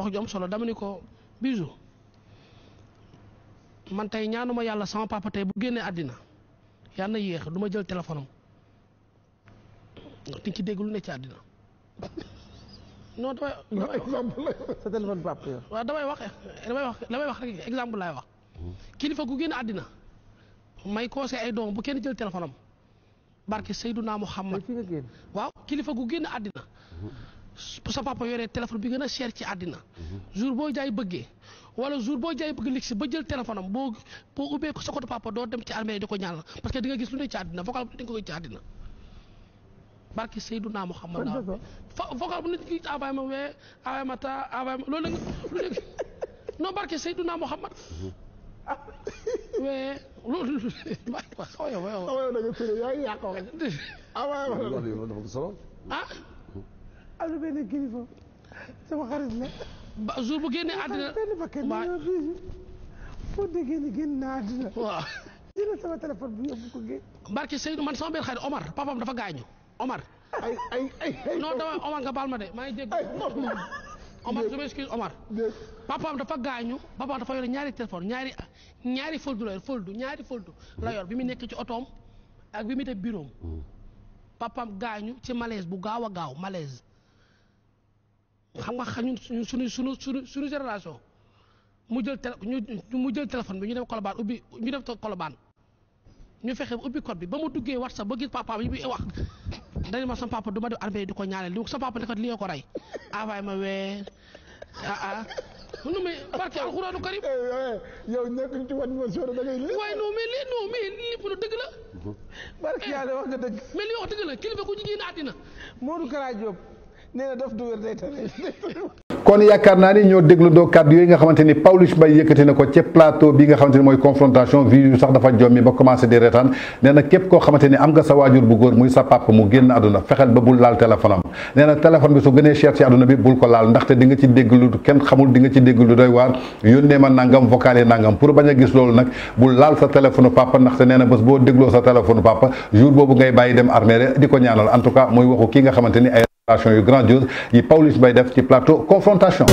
wax ju am solo dama ni ko Bijou man tey ñaanuma yàlla sama papa bu génnee àddina yàlla na yéex du jël téléphone am di ci dégg lu ne ci àddina non damay. damay wax damay wax damay wax damay wax exemple laay wax. kilifa gu génn àddina may conseil ay doom bu kenn jël téléphone am barke Seydouna Muhammad waaw kilifa gu génn àddina bu sa papa yoree téléphone bi gën a cher ci àddina jour boo jaay bëggee wala jour boo jaay bëgg ligg si ba jël téléphone am boo boo ubbee ko sa côté papa doo dem ci armée di ko ñaanal parce que di gis lu ne ci àddina vocal bu ne di nga ko ci àddina barke Seydouna Muhammad vocal bu ne di nga ma taa envoyé ma loolu la nga barke Seydouna Muhammad mais loolu xaw ma yow xaw ma yow da nga tëjee yaa ngi yàqoo ah am na sama xarit bu génnee àddina benn bakkan waaw génn na àddina. waaw. man sama xarit Omar papaam dafa gaañu Omar. ay ay ay non dama Omar nga baal ma de maa ngi dégg. Omar je m'excuse dafa gaañu papaam dafa yore ñaari téléphone ñaari ñaari foldu la yor ñaari foldu la yor bi mu nekk ci otoom ak bi mu def bureau am hmm. gaañu ci malaise bu gaaw a gaaw malaise. xam nga xal ñun suñu suñu suñu suñu génération mu jël mu jël téléphone bi ñu dem kolobaan ubbi ñu dem kolobaan ñu fexe ubbi code bi ba mu duggee whatsapp ba gis papa bi bi wax dañu ma sama papa duma def armée di ko ñaanal lu sama papa ne ko li ko ray avay ma wé ah ah nu me, barke alquran karim eh, eh, yow nekk ci wone mo soor da ngay li way non mais li non mais li pour deug la barke yalla wax nga deug eh, mais li wax deug la kilifa ku jigen adina modou kara job na daf du wér day kon yaakaar naa ni ñoo déglundoo kàddu yooyu nga xamante ni Pawlish Mbaye yëkkati na ko ci plateau bi nga xamante ni mooy confrontation vi sax dafa jommi ba commencé di retaan nee na képp koo xamante ni am nga sa waajur bu góor muy sa papa mu génn àdduna fexeel ba bul laal téléphone am nee bi su gënee cher ci àdduna bi bul ko laal ndaxte di nga ci dégg lu kenn xamul di nga ci dégg lu doy waar yónnee ma nangam vocal nangam pour bañ a gis loolu nag bul laal sa na bés boo dégloo sa téléphone papa jour boobu ngay bàyyi dem armée di nga xamante ni ay confrontation yu grandiose yi Pawlish Mbaye def ci plateau confrontation